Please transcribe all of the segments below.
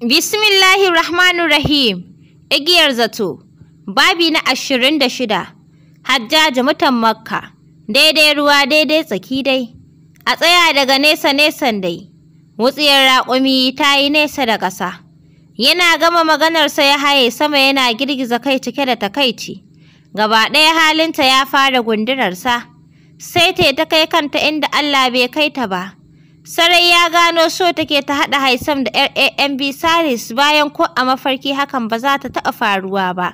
bismillahi rahmanu Rahim. Igiyar zato. Babi na ashirin da shida. Hajjaji mutan Makka. Daidai ruwa daidai tsaki dai. A tsaya daga nesa nesan dai. Wutsiyar raƙumi ta yi nesa da ƙasa. Yana gama maganarsa ya haye sama yana girgiza kai cike da takaici. Gaba ɗaya halinta ya fara gundurarsa. Sai ta kai kanta inda Allah bai kai ta ba. Sarai ya gano so take ta haɗa Haisam da RAMB Saris bayan ko a mafarki hakan ba za ta taɓa faruwa ba.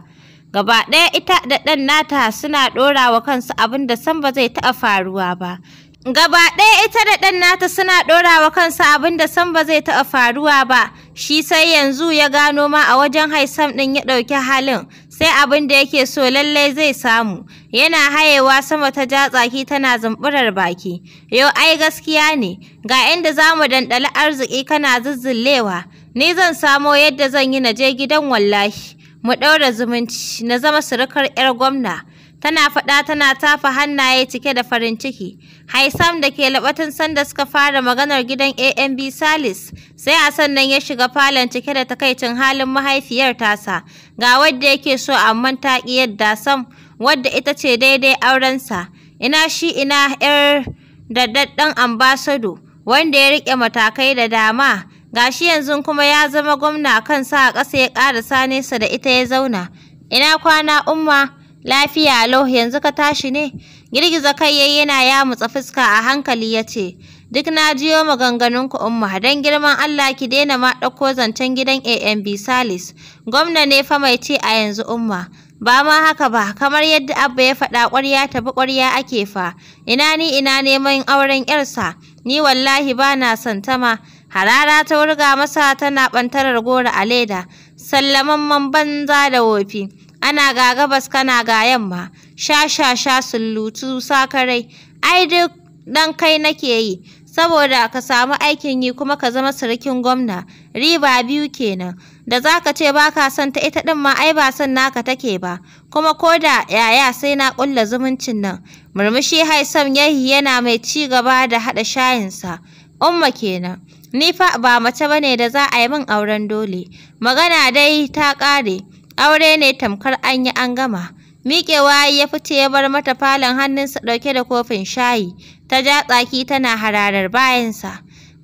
Gaba ɗaya ita da ɗan nata suna ɗora wa kansu abin da san ba zai taɓa faruwa ba. Gaba ɗaya ita da ɗan nata suna ɗora wa kansu abin da san ba zai taɓa faruwa ba. Shi sai yanzu ya gano ma a wajen Haisam ɗin ya ɗauki halin. sai abin da yake so lallai zai samu yana hayewa sama ta ja tsaki tana zumburar baki yau ai gaskiya ne ga inda za mu dandali arziki kana zuzzullewa ni zan samo yadda zan yi na je gidan wallahi mu ɗaura zumunci na zama surukar 'yar gwamna Tana faɗa tana tafa hannaye cike da farin ciki. Haisam da ke labatin sanda suka fara maganar gidan AMB Salis, sai a sannan ya shiga falon cike da takaicin halin mahaifiyar tasa. Ga wadda yake so amma ta ƙi yadda sam, wadda ita ce daidai aurensa. Ina shi ina 'yar daɗaɗɗen ambasado, wanda ya riƙe matakai da dama. ga shi yanzu kuma ya zama gwamna kansa a ƙasa ya ƙarasa nesa da ita ya zauna. Ina kwana umma. Lafiya lau yanzu ka tashi ne? Girgiza kai yayi yana yamutsa fuska a hankali yace Duk na jiyo maganganun ku, umma dan girman Allah ki daina ma dauko zancen gidan AMB Salis. Gwamna ne fa mai ce a yanzu umma. Ba ma haka ba, kamar yadda Abba ya faɗa ƙwarya bi ƙwarya ake fa. Ina ni ina neman auren 'yarsa, ni wallahi ba na son Harara ta wurga masa tana ɓantarar gora a leda, sallaman man banza da wofi. ana ga gabas kana ga yamma sha sha sha sullutu sakarai ai duk dan kai nake yi saboda ka samu aikin yi kuma ka zama surukin gwamna riba biyu kenan da za ka ce ba ka son ta ita ɗin ma ai ba son naka take ba kuma ko da yaya sai na ƙulla zumuncin nan murmushi haisam yahi yana mai ci gaba da haɗa shayinsa umma kenan ni fa ba mace bane da za a yi min auren dole magana dai ta ƙare aure ne tamkar an yi an gama miƙewa ya fice ya bar mata falon hannunsa ɗauke da kofin shayi ta ja tsaki tana hararar bayansa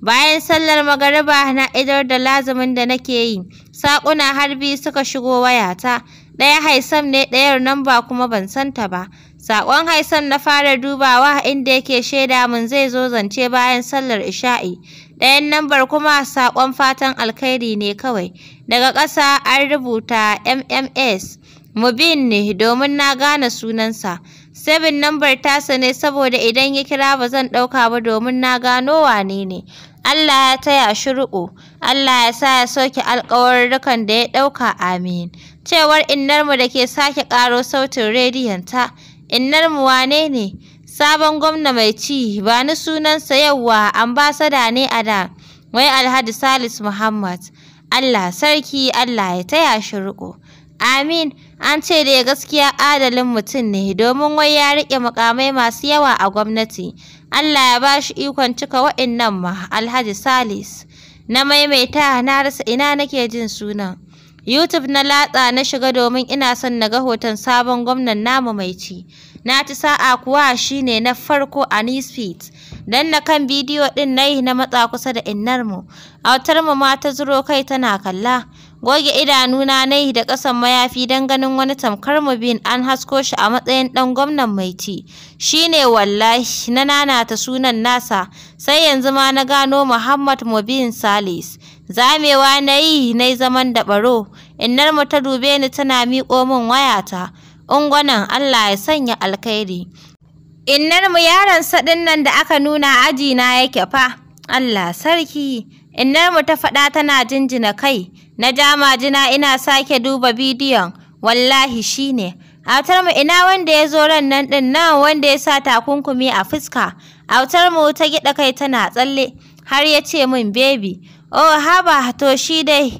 bayan sallar magariba na idar da lazumin da nake yi saƙuna har biyu suka shigo wayata ɗaya haisam ne ɗayar nan ba kuma ban santa ba Saƙon Haisam na fara dubawa inda yake shaida mun zai zo zance bayan sallar isha'i. Ɗayan nambar kuma saƙon fatan alkhairi ne kawai. Daga ƙasa an rubuta MMS Mubin ne domin na gane sunansa. Seven nambar tasa ne saboda idan ya kira ba zan ɗauka ba domin na gano wane ne. Allah ya taya shi riƙo. Allah ya sa ya soke alƙawarrukan da ya ɗauka amin. Cewar innarmu da ke sake ƙaro sautin rediyonta. Innarmu wane ne? Sabon gwamna mai ci ba ni sunansa yauwa ambasada ne a da. Wai Alhaji Salis Muhammad. Allah sarki Allah ya taya shi riko Amin, an ce dai gaskiya adalin mutum ne domin wai ya riƙe mukamai masu yawa a gwamnati. Allah ya ba shi ikon cika wa'innan ma Alhaji Salis. Na maimaita na rasa ina nake jin sunan. YouTube na latsa na shiga domin ina son na ga hoton sabon gwamnan namu mai ci. Na ci sa'a kuwa shine na farko a nisfit. na kan bidiyo ɗin na yi na matsa kusa da innar mu autar mu ma ta zuro kai tana kalla goge idanuna na yi da ƙasan mayafi don ganin wani tamkar mu bin an hasko shi a matsayin ɗan gwamnan mai ci shine wallahi na nanata sunan nasa sai yanzu ma na gano muhammad mubin salis zamewa na yi na zaman da baro innar mu ta dube ni tana miƙo min wayata ungwanan allah ya sanya alkhairi innarmu yaron saɗin nan da aka nuna aji na yake fa Allah sarki mu ta faɗa tana jinjina kai na ja jina ina sake duba bidiyon wallahi shi Autar mu ina wanda ya zo ran nan ɗin nan wanda ya sa takunkumi a fuska mu ta gida kai tana tsalle har ya ce min bebi oh haba to shi dai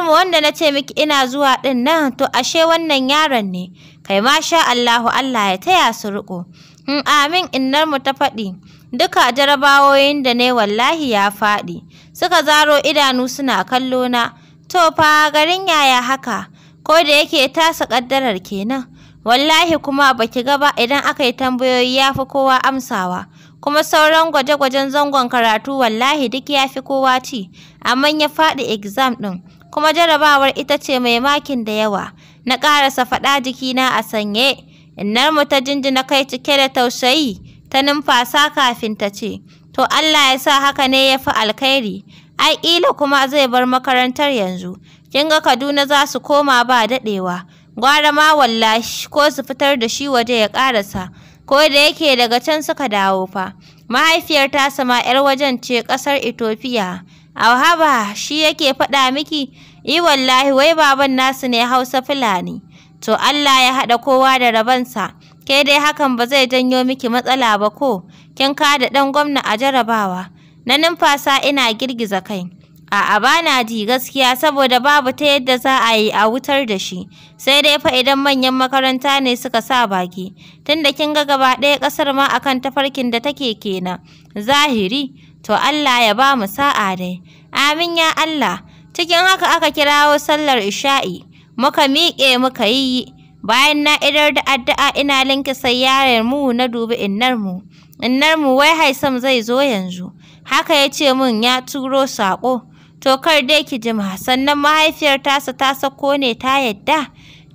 mu wanda na ce miki ina zuwa ɗin nan to ashe wannan yaron ne kai masha Allahu Allah ya taya su riƙo In hmm, amin mu ta faɗi, duka jarabawoyin da ne wallahi ya faɗi. Suka zaro idanu suna kallo na, to fa garin yaya haka, ko da yake tasa ƙaddarar kenan. Wallahi kuma baki ga ba idan aka yi tambayoyi ya fi kowa amsawa. Kuma sauran gwaje-gwajen zangon karatu wallahi duk ya fi kowa ci, amma ya faɗi exam ɗin. Kuma jarabawar ita ce mai makin da yawa. Na ƙarasa faɗa jikina a sanye. Innar mu ta jinjina kai cike da tausayi, ta numfasa kafin ta ce, To Allah ya sa haka ne ya fi alkhairi, ai ƙila kuma zai bar makarantar yanzu, kin ga Kaduna za su koma ba daɗewa, gwara ma wallahi ko su fitar da shi waje ya ƙarasa, ko da yake daga can suka dawo fa. Mahaifiyar ta sama 'yar wajen ce ƙasar A Auhaba shi yake faɗa miki, i wallahi wai baban nasu ne Hausa Fulani. to Allah ya haɗa kowa da rabansa, ke dai hakan ba zai janyo miki matsala ba ko, kin kada ɗan gwamna a jarabawa, na numfasa ina girgiza kai. A'a bana ji gaskiya saboda babu ta yadda za a yi a wutar da shi, sai dai fa idan manyan makaranta ne suka sa baki, tun da kin ga gaba ɗaya ƙasar ma akan tafarkin da take kenan, zahiri, to Allah ya ba sa'a dai. Amin ya Allah, cikin haka aka kirawo sallar isha'i. muka miƙe muka yi bayan na idar da addu'a ina linkisa sayyarar mu na dubi innar mu innar mu wai Haisam zai zo yanzu haka ya ce mun ya turo saƙo to kar dai ki jima sannan mahaifiyar tasa ta sako ne ta yadda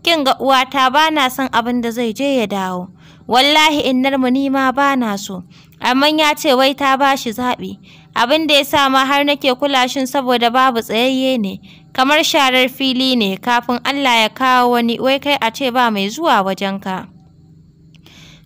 kin ga uwata ba na son abin da zai je ya dawo wallahi innar mu ni ma ba na so amma ya ce wai ta ba shi zaɓi abin da ya sa ma har nake kula shin saboda babu tsayayye ne kamar sharar fili ne kafin Allah ya kawo wani wai kai a ce ba mai zuwa wajenka.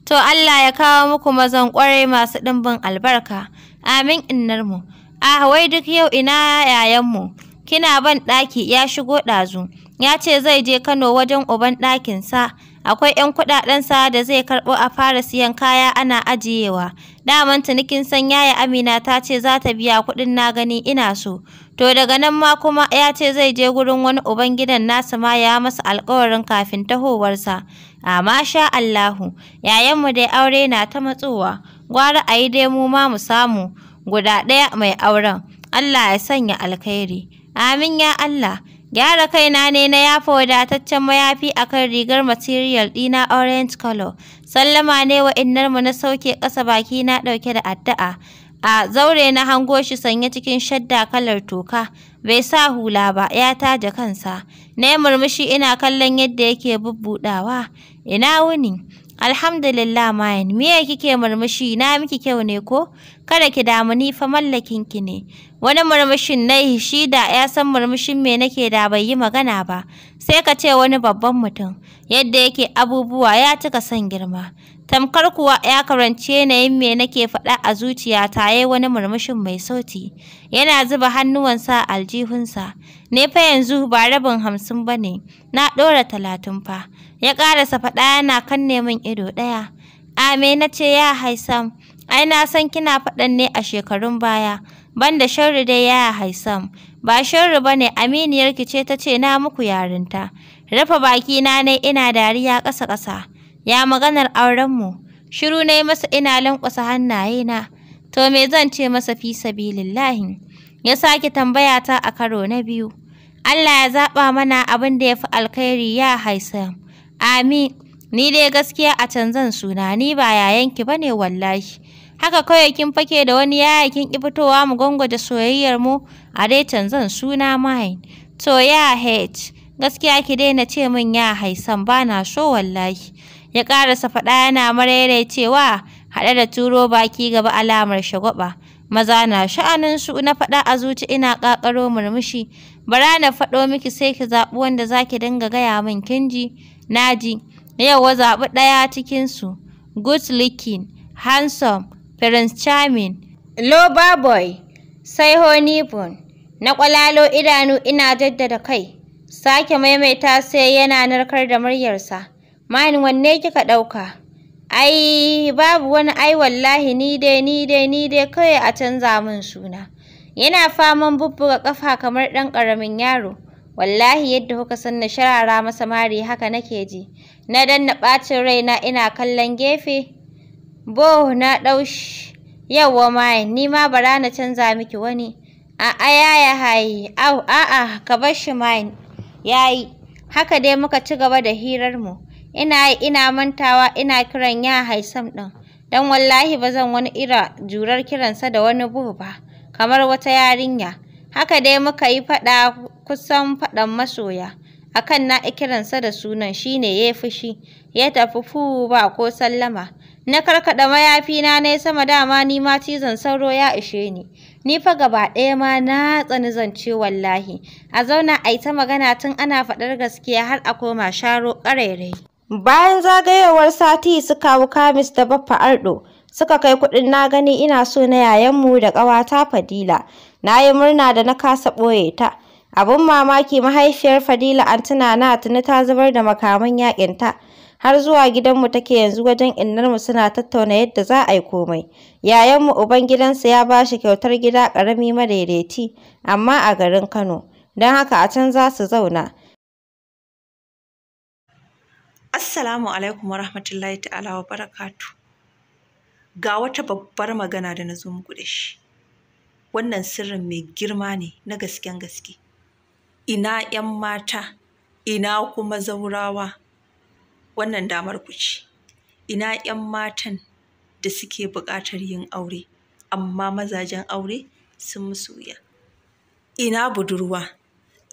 To Allah ya kawo muku mazan ƙwarai masu ɗimbin albarka, amin innarmu. Ah wai duk yau ina yayanmu, kina ban ɗaki ya shigo ɗazu, ya ce zai je Kano wajen uban ɗakinsa, akwai ‘yan kuɗaɗensa da zai karɓo a fara siyan kaya ana ajiyewa. Daman tunikin san yaya Amina ta ce za ta biya kuɗin na gani ina so. To daga nan ma kuma ya ce zai je gurin wani uban gidan nasa ma ya masa alƙawarin kafin tahowarsa. Amma sha Allahu, yayanmu dai aure na ta matsowa. Gwara a yi dai mu ma mu samu guda ɗaya mai auren. Allah ya sanya alkhairi. Amin ya Allah. Gyara kaina ne na yafa wadataccen mayafi akan rigar material ɗina orange color Sallama ne wa mu na sauke ƙasa baki na ɗauke da addu'a. A zaure na hango shi sanye cikin shadda kalar toka, bai sa hula ba, ya taje kansa. Na murmushi ina kallon yadda yake bubbuɗawa. Ina wuni? Alhamdulillah mayan, miye kike murmushi na miki kyau ne ko? Kada ki damu ni fa mallakin ki ne. Wani murmushin na shi da ya san murmushin me nake da bai yi magana ba. Sai ka ce wani babban mutum, yadda yake abubuwa ya cika son girma. Tamkar kuwa ya karanci yanayin me nake faɗa a zuciya. Ta yayi wani murmushin mai sauti. Yana zuba hannuwansa aljihunsa. Ne fa yanzu ba rabin hamsin ba ne, na ɗora talatin fa. Ya ƙarasa faɗa yana kanne min ido ɗaya. Ame na ce ya Haisam, ai na san kina faɗan ne a shekarun baya, Ban da sharri dai ya Haisam. Ba sharri ba ne aminiyarki ce ta ce na muku yarinta. Rufe na ne ina dariya ƙasa-ƙasa. Ya maganar auren mu. Shiru na masa ina lankwasa na To me zan ce masa fi sabilillahi? Ya sake tambaya ta a karo na biyu. Allah ya zaɓa mana abin da ya fi alkhairi ya Haisam. Amin. Ni dai gaskiya a can zan suna ni ba yayanki bane wallahi. Haka kawai kin fake da wani yayakin kin ki fitowa mu gwangwaje soyayyar mu a dai can suna mine. To ya H, gaskiya ki daina ce min ya haisan ba na so wallahi. Ya ƙarasa faɗa yana marere cewa haɗe da turo baki gaba alamar shagwaba. Maza na sha'aninsu na faɗa a zuci ina ƙaƙaro murmushi. Bara na faɗo miki sai ki zaɓi wanda zaki dinga gaya min kin Naji, yau zaɓi ɗaya cikinsu. Good looking, handsome, Prince Charming, Loba boy, sai honeymoon. Na ƙwalalo idanu ina jaddada kai. Sake maimaita sai yana narkar da muryarsa. Mani wanne kika ɗauka? Ai, babu wani ai wallahi ni dai ni dai ni dai kawai a canza min suna. Yana faman bubbuga ƙafa kamar ɗan ƙaramin yaro. wallahi yadda kuka san na sharara masa mari haka nake ji na danna ɓacin raina ina kallon gefe bo na daushi yawa mai ni ma bara na canza miki wani a'a ayaya hayi au a'a ka bar shi mai yayi haka dai muka ci gaba da hirar mu ina ina mantawa ina kiran ya haisam ɗin dan wallahi bazan wani ira jurar kiransa da wani buhu ba kamar wata yarinya Haka dai muka yi faɗa kusan faɗan masoya. Akan na ikiransa da sunan shi ne ya fushi, ya tafi fu ba ko sallama. Na karkaɗa mayafi na sama dama ni ma cizon sauro ya ishe ni. Ni fa gaba ɗaya ma na tsani zance wallahi. A zauna a yi ta magana tun ana faɗar gaskiya har a koma sharo ƙarairayi. Bayan zagayowar sati su kawo kamis da baffa ardo. suka kai kuɗin na gani ina so na yayanmu da ƙawata Fadila. Na yi murna da na kasa ɓoye ta. Abin mamaki mahaifiyar Fadila an tuna na tuni ta zubar da makaman yaƙinta. Har zuwa gidanmu take yanzu wajen innarmu suna tattauna yadda za a yi komai. Yayanmu uban gidansa ya ba shi kyautar gida ƙarami madaidaiti, amma a garin Kano. Don haka a can za su zauna. Assalamu alaikum warahmatullahi ta'ala wa barakatu. ga wata babbar magana da na zo muku da shi wannan sirrin mai girma ne na gasken gaske ina 'yan mata ina kuma zaurawa wannan damar ku ce ina 'yan matan da suke buƙatar yin aure amma mazajen aure sun musu ina budurwa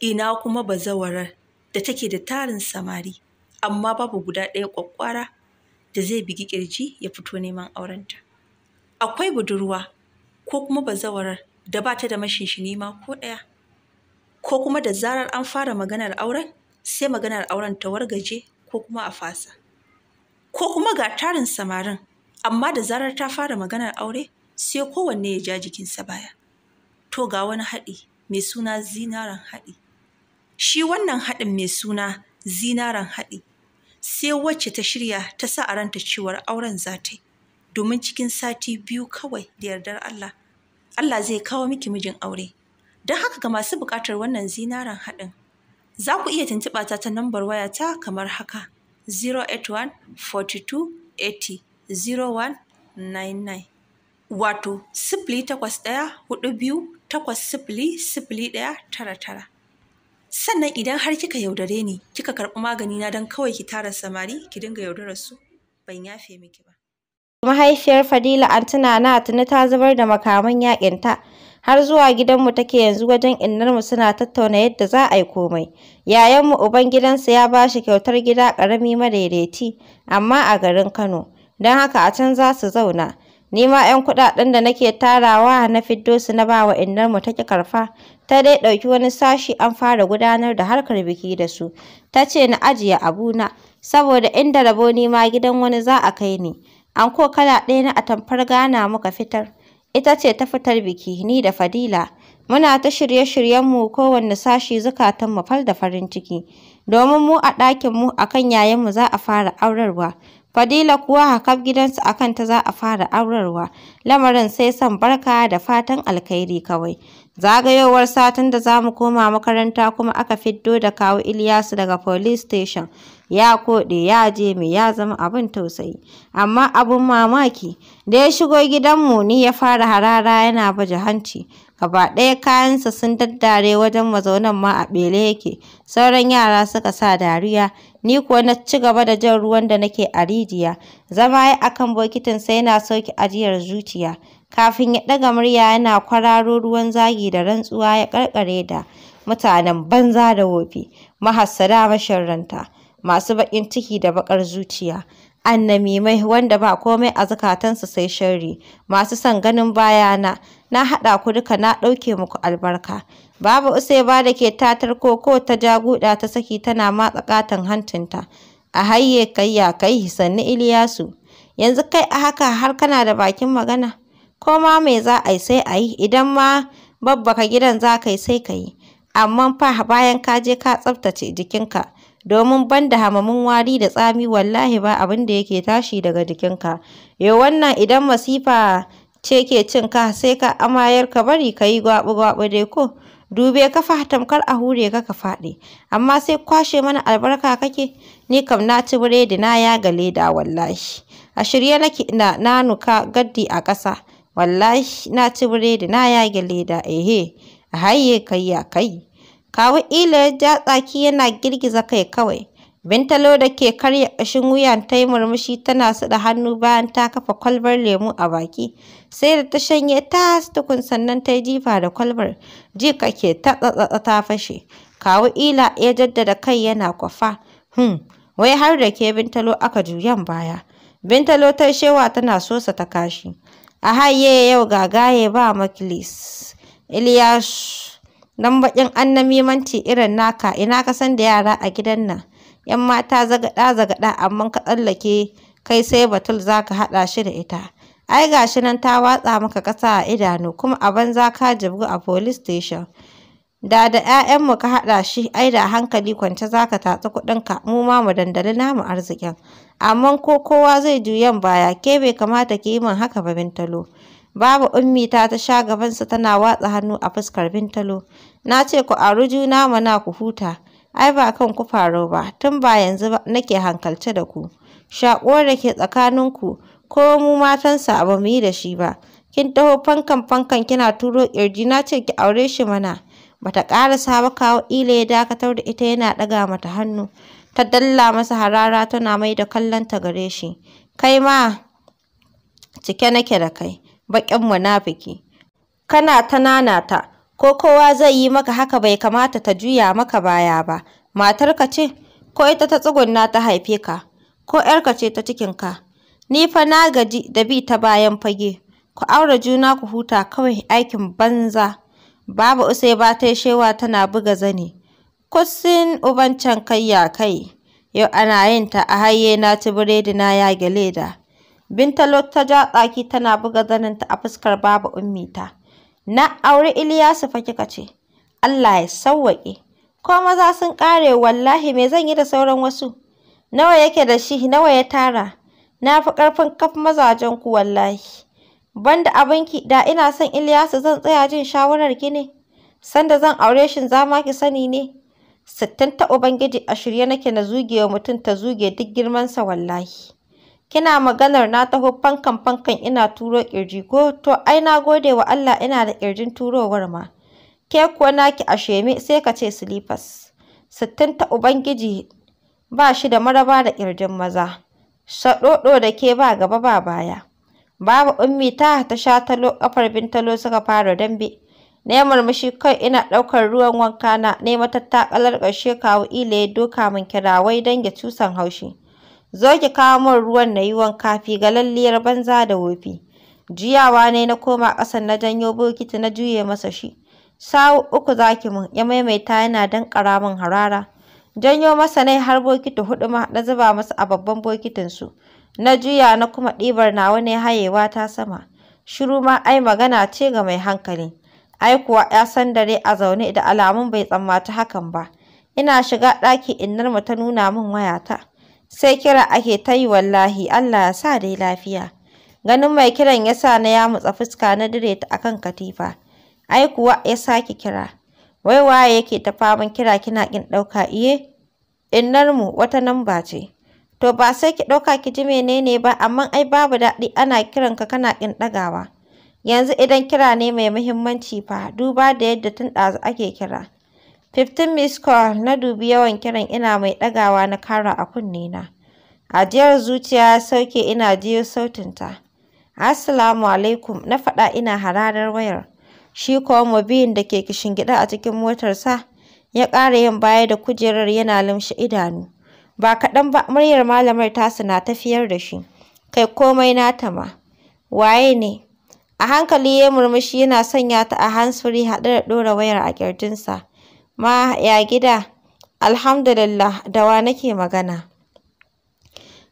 ina kuma bazawarar da take da tarin samari amma babu guda ɗaya ƙwaƙƙwara da zai bigi ƙirji ya fito neman aurenta. Akwai budurwa ko kuma bazawarar da ba ta da mashinshini ma ko ɗaya. Ko kuma da zarar an fara maganar auren sai maganar auren ta wargaje ko kuma a fasa. Ko kuma ga tarin samarin amma da zarar ta fara maganar aure sai kowanne ya ja jikinsa baya. To ga wani haɗi mai suna zinaren haɗi. Shi wannan haɗin mai suna zinaren haɗi sai wacce ta shirya ta sa a ranta cewar auren za ta yi domin cikin sati biyu kawai da yardar Allah Allah zai kawo miki mijin aure don haka ga masu buƙatar wannan zinaren haɗin za ku iya tuntuɓa ta ta nambar ta kamar haka 081 42 80 0199 wato sifili takwas ɗaya hudu biyu takwas sifili sifili ɗaya tara tara sannan idan har kika yaudare ni kika karɓi magani na don kawai ki tara samari ki dinga yaudarar su ban yafe miki ba mahaifiyar fadila antina na tuni ta zubar da makaman yaƙinta har zuwa gidanmu take yanzu wajen innarmu suna tattauna yadda za a yi komai yayanmu uban gidansa ya ba shi kyautar gida ƙarami madaidaiti amma a garin kano don haka a can za su zauna ni ma 'yan kuɗaɗen da nake tarawa na fiddo su na bawa innarmu take karfa ta dai ɗauki wani sashi an fara gudanar da harkar biki da su ta ce na ajiye abuna saboda inda rabo ni ma gidan wani za a kai ni ko kala ɗaya na atamfar gana muka fitar ita ce ta fitar biki ni da fadila muna ta shirye shiryen mu kowanne sashi mu fal da farin ciki domin mu a ɗakin mu akan yayan mu za a fara aurarwa Fadila kuwa hakaf gidansu akan ta za a fara aurarwa, lamarin sai son barka da fatan alkhairi kawai. Zagayowar satin da za mu koma makaranta kuma aka fiddo da kawo Ilyasu daga police station. Ya koɗe ya je mai ya zama abin tausayi. Amma abin mamaki da ya shigo gidanmu ni ya fara harara yana baje hanci. Gaba ɗaya kayansa sun daddare wajen mazaunan ma a bele yake. Sauran yara suka sa dariya. Ni kuwa na ci gaba da jan ruwan da nake a rijiya. Zama ya akan bokitin sai na sauki ajiyar zuciya. kafin ya ɗaga murya yana kwararo ruwan zagi da rantsuwa ya ƙarƙare da mutanen banza da wofi mahassada masharranta masu baƙin ciki da baƙar zuciya Annami mai wanda ba komai a zukatansa sai sharri masu son ganin bayana na haɗa ku duka na ɗauke muku albarka babu ba da ke tatar ko ta jaguɗa ta saki tana matsa katon hancinta a hayye ya kai sannu iliyasu yanzu kai a haka har kana da bakin magana ko ma me za a yi sai a yi idan ma babbaka gidan za ka yi sai ka yi amma fa bayan ka je ka tsaftace jikinka domin ban da hamamin wari da tsami wallahi ba abin da yake tashi daga jikinka Yau wannan idan masifa ce ke cin ka sai ka amayar ka bari ka yi gwabi-gwabi dai ko dube ka fa tamkar a hure ka ka faɗi amma sai kwashe mana albarka kake ni kam na ci biredi na ya gale da wallahi a shirye nake na nanuka gaddi a ƙasa wallahi na ci biredi na yage leda ehe a haye kai ya kai kawu ila ya ja tsaki yana girgiza kai kawai bintalo da ke karya ƙashin wuyan ta yi murmushi tana suɗa hannu bayan ta kafa kwalbar lemu a baki sai da ta shanye ta tukun sannan ta yi jifa da kwalbar ji kake ta tsatsatsa ta fashe kawu ila ya jaddada kai yana kwafa hmm wai har da ke bintalo aka juyan baya bintalo ta shewa tana sosa ta kashi a haye yau ga gaye ba makilis iliyash baƙin bakin annamimanci irin naka ina ka san da yara a gidan nan yan mata zagada zagada amma ka tsallake kai sai batul zaka hada shi da ita ai gashi nan ta watsa maka kasa a idanu kuma a banza ka jibgu a police station Da da 'ya'yanmu ka haɗa shi, ai da hankali kwance za ka tatsi kuɗinka, mu ma mu dandali namu arzikin. Amma ko kowa zai juyan baya, ke bai kamata ki yi min haka ba Bintalo. Babu ummi ta ta sha gabansa tana watsa hannu a fuskar Bintalo. Na ce ku aru juna mana ku huta. Ai ba kan ku faru ba, tun ba yanzu ba nake hankalce da ku. Shaƙuwar da ke ku ko mu matansa ba mu yi da shi ba. Kin taho fankan fankan kina turo ƙirji na ce ki aure shi mana. bata ƙarasa ba kawo ile ya dakatar da ita yana ɗaga mata hannu ta dalla masa harara tana mai da kallon ta gare shi kai ma cike nake da kai baƙin munafiki kana ta nanata ko kowa zai yi maka haka bai kamata ta juya maka baya ba matarka ce ko ita ta tsugunna ta haife ka ko ‘yarka ce ta cikinka ni fa na gaji da bi ta bayan fage ku aure juna ku huta kawai aikin banza Babu Usai ba ta shewa tana buga zani. Kusin uban can kai, ya kai. yau ana yin ta a haye na ci biredi na yage leda. Bintalo ta ja tsaki tana buga zanin ta a fuskar babu ummita. Na auri Iliyasu fa kika ce, Allah ya sawwaƙe. Ko maza sun ƙare wallahi me zan yi da sauran wasu? Nawa yake da shi, nawa ya tara? Na fi ƙarfin kaf mazajen ku wallahi. banda abinki da ina son Ilyasu zan tsaya jin shawarar ne sanda zan aure shin zama ki sani ne sittin ta ubangiji a shirye nake na zuge wa mutum ta zuge duk girman sa wallahi kina maganar na taho fankan fankan ina turo kirji ko to ai na gode wa Allah ina da kirjin turowar ma ke kuwa naki a sheme sai ka ce silifas sittin ta ubangiji ba shi da maraba da kirjin maza shaɗoɗo da ke ba gaba ba baya Babu ummi ta ta sha talo kafar bintalo suka fara dambe. Na yi murmushi kai ina ɗaukar ruwan wanka na ne matattakalar ƙarshe kawo ile ya doka min kirawai don ya cusan haushi. Zo ki kawo min ruwan na yi wanka fi ga lalliyar banza da wofi. Juyawa ne na koma ƙasan na janyo bokiti na juye masa shi. Sawu uku zaki mun ya maimaita yana danƙara min harara. Janyo masa nai har bokiti huɗu ma na zuba masa a babban bokitin su. na juya na kuma ɗibar nawa ne hayewa ta sama shiru ma ai magana ce ga mai hankali ai kuwa ya san dare a zaune da alamun bai tsammata hakan ba ina shiga ɗaki innar mu ta nuna min wayata sai kira ake ta yi wallahi Allah ya sa dai lafiya ganin mai kiran ya sa na ya mutsa fuska na dire ta akan katifa ai kuwa ya sake kira wai waye yake ta faman kira kina kin ɗauka iye innar mu wata namba ce to ba sai ki ɗauka ki ji menene ba amma ai babu daɗi ana kiranka kana ƙin ɗagawa yanzu idan kira ne mai muhimmanci fa duba da yadda tun ɗazu ake kira 15 miss call na dubi yawan kiran ina mai ɗagawa na kara a kunne na ajiyar zuciya sauke ina jiyo sautinta assalamu alaikum na faɗa ina hararar wayar shi kuwa mabiyin da ke kishin gida a cikin motarsa ya ƙara yin baya da kujerar yana limshe idanu ba kaɗan ba muryar malamar tasu na tafiyar da shi kai komai nata ma waye ne a hankali ya murmushi yana sanya ta a hansuri haɗe da ɗora wayar a ƙirjinsa ma ya gida alhamdulillah da wa nake magana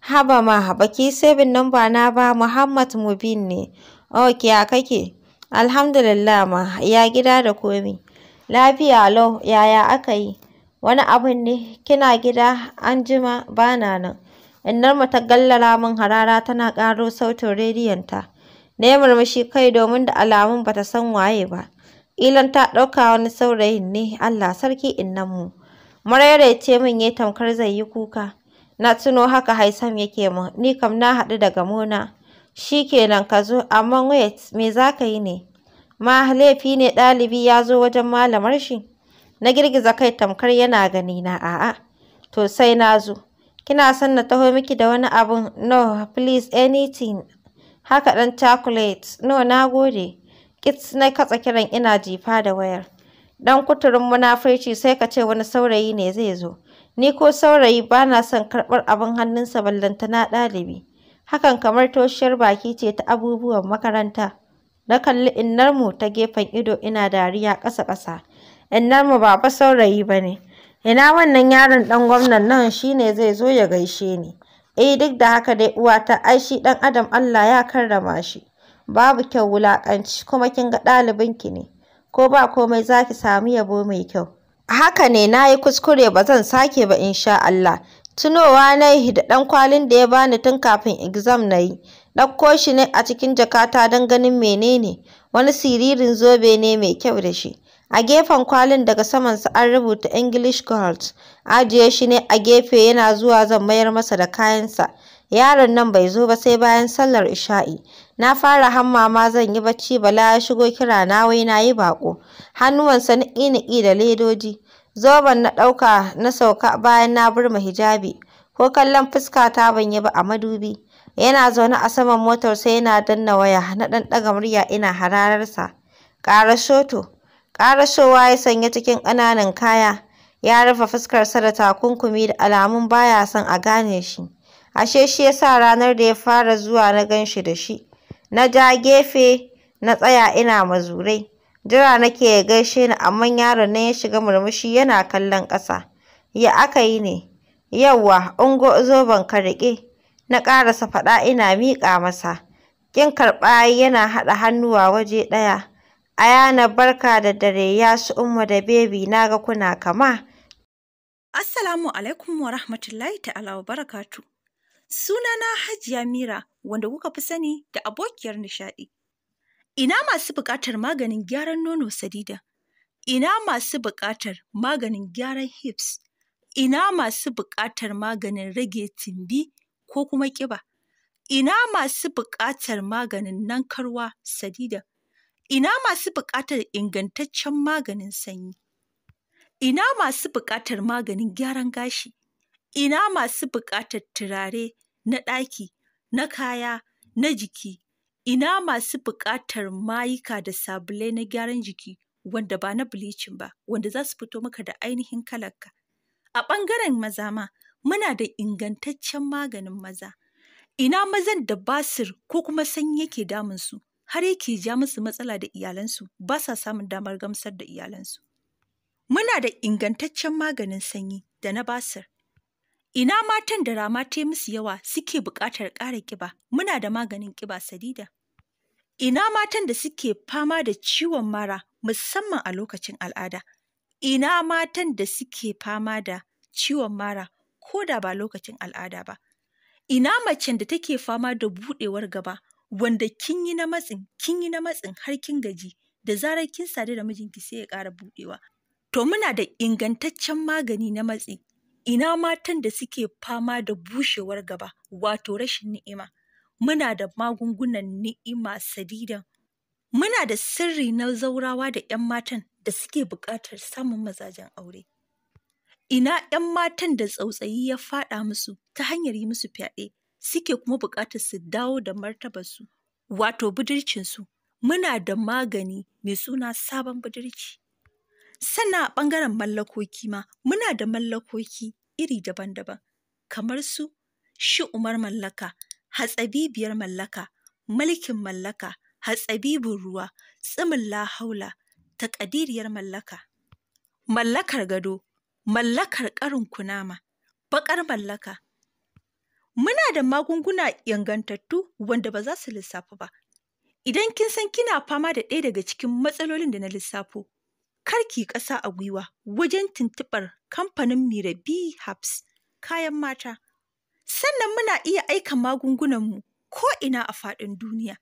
haba ma baki sabin namba na ba muhammad mubin ne ok ya kake alhamdulillah ma ya gida da komi lafiya lau yaya aka yi wani abun ne kina gida an jima bana nan nan mu ta gallara min harara tana karo sautin rediyonta na yi murmushi kai domin da alamun bata san waye ba ilan ta ɗauka wani saurayin ne allah sarki mu maraire ce min ya tamkar zai yi kuka na tuno haka haisam yake min ni kam na haɗu daga Mona. shikenan ka zo amma wait me za ka yi ne ma laifi ne ɗalibi ya zo wajen malamar shi Na girgiza kai tamkar yana gani na a'a. To sai na zo. Kina son na taho miki da wani abun? No, please anything. Haka dan chocolate. No, na gode. Kits na katsa kiran ina jifa da wayar. Dan kuturin munafurci sai ka ce wani saurayi ne zai zo. Ni ko saurayi ba na son karɓar abin hannunsa na ɗalibi. Hakan kamar toshiyar baki ce ta abubuwan makaranta. Na kalli innarmu ta gefen ido ina dariya ƙasa-ƙasa. mu ba fa saurayi ba ne. Ina wannan yaron ɗan gwamnan nan shine zai zo ya gaishe ni. Eh duk da haka dai uwata ai shi ɗan adam Allah ya karrama shi. Babu kyau wulakanci kuma kin ga ki ne. Ko ba komai zaki samu yabo mai kyau. Haka ne nayi kuskure ba zan sake ba insha Allah. Tunowa na yi da ɗan kwalin da ya bani tun kafin exam na yi. Ɗauko shi ne a cikin jakata don ganin menene. Wani siririn zobe ne mai kyau da shi. A gefen kwalin daga saman samansa an rubuta English Gold. Ajiye shi ne a gefe yana zuwa zan mayar masa da kayansa. Yaron nan bai zo ba sai bayan sallar isha'i. Na fara hamma ma zan yi bacci Bala ya shigo kira na wai na yi baƙo. Hannuwansa ina niƙi da ledoji. Zoben na ɗauka na sauka bayan na burma hijabi. Ko kallon fuska ta ban yi ba a madubi. Yana zaune a saman motar sai yana danna waya na ɗan ɗaga murya ina hararsa. Ƙara shoto. Ƙarashowa ya sanya cikin ƙananan kaya, ya rufe fuskarsa da takunkumi da alamun baya son a gane shi. Ashe shi ya sa ranar da ya fara zuwa na gan shi da shi. Na ja gefe, na tsaya ina mazurai. Jira nake ya gaishe ni amma yaron nan ya shiga murmushi yana kallon ƙasa. Ya aka yi ne? Yawwa, ungo zoben ka riƙe. Na ƙarasa faɗa ina miƙa masa. Ƙin karɓa yana haɗa hannuwa waje ɗaya. Ayana barka da dare ya su umma da bebi na ga kuna kama. Assalamu alaikum wa rahmatullahi ta'ala wa barakatu. na Hajiya Mira wanda kuka fi sani da abokiyar nishaɗi. Ina masu buƙatar maganin gyaran nono sadida. Ina masu buƙatar maganin gyaran hips. Ina masu buƙatar maganin rage tumbi ko kuma ƙiba. Ina masu buƙatar maganin nankarwa sadida. Ina masu buƙatar ingantaccen maganin sanyi? Ina masu buƙatar maganin gyaran gashi? Ina masu buƙatar turare na ɗaki, na kaya, na jiki? Ina masu buƙatar mayuka da sabulai na gyaran jiki wanda ba na bleaching ba, wanda za su fito maka da ainihin kalarka? A ɓangaren maza ma, muna da ingantaccen maganin maza. Ina mazan da basir ko kuma sanyi yake damunsu, har yake ja musu matsala da iyalansu ba sa samun damar gamsar da iyalansu. Muna da ingantaccen maganin sanyi da na basir. Ina matan da rama ta musu yawa suke buƙatar ƙara ƙiba, muna da maganin ƙiba sadida. Ina matan da suke fama da ciwon mara musamman a lokacin al'ada. Ina matan da suke fama da ciwon mara ko da ba lokacin al'ada ba. Ina macen da take fama da buɗewar gaba wanda kin yi na matsin kin yi na matsin har kin gaji da zarar kin sadu da mijinki sai ya ƙara buɗewa to muna da ingantaccen magani na matsi ina matan da suke fama da bushewar gaba wato rashin ni'ima muna da magungunan ni'ima sadidan muna da sirri na zaurawa da 'yan matan da suke buƙatar samun mazajen aure ina 'yan matan da tsautsayi ya faɗa musu ta hanyar yi musu fyaɗe suke kuma buƙatar su dawo da martabarsu wato budurcinsu muna da magani mai suna sabon budurci sannan a ɓangaren mallakoki ma muna da mallakoki iri daban-daban kamar su shi umar mallaka hatsabibiyar mallaka mulkin mallaka hatsabibin ruwa tsimin lahaula taƙadiriyar mallaka mallakar gado mallakar ƙarin kunama baƙar mallaka Muna da magunguna ingantattu wanda ba za su lissafu ba. Idan kin san kina fama da ɗaya daga cikin matsalolin da na lissafo, kar ki ƙasa a gwiwa wajen tuntuɓar kamfanin Mirabi Habs kayan mata. Sannan muna iya aika magungunanmu ko ina a faɗin duniya.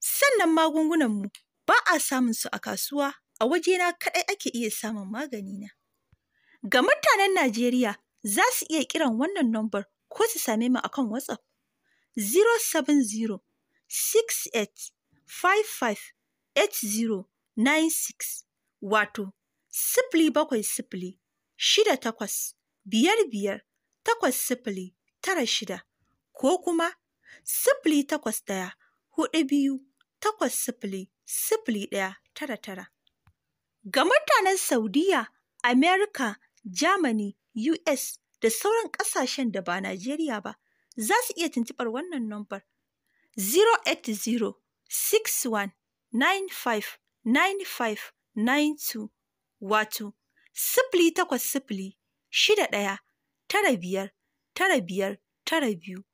Sannan magungunanmu ba a samun su a kasuwa a wajena kaɗai ake iya samun maganina. Ga mutanen Najeriya za su iya kiran wannan nambar ko su same mu akan WhatsApp 070 68 55 8096 wato sifili bakwai sifili shida takwas biyar biyar takwas tara shida ko kuma sifili takwas ɗaya huɗu biyu takwas sifili sifili ɗaya tara tara. Ga mutanen Saudiya, Amerika, Germany, US da sauran ƙasashen da ba Najeriya ba za su iya tuntuɓar wannan nombar 08061959592 wato sifili takwas sifili shida ɗaya tara biyar tara biyar tara biyu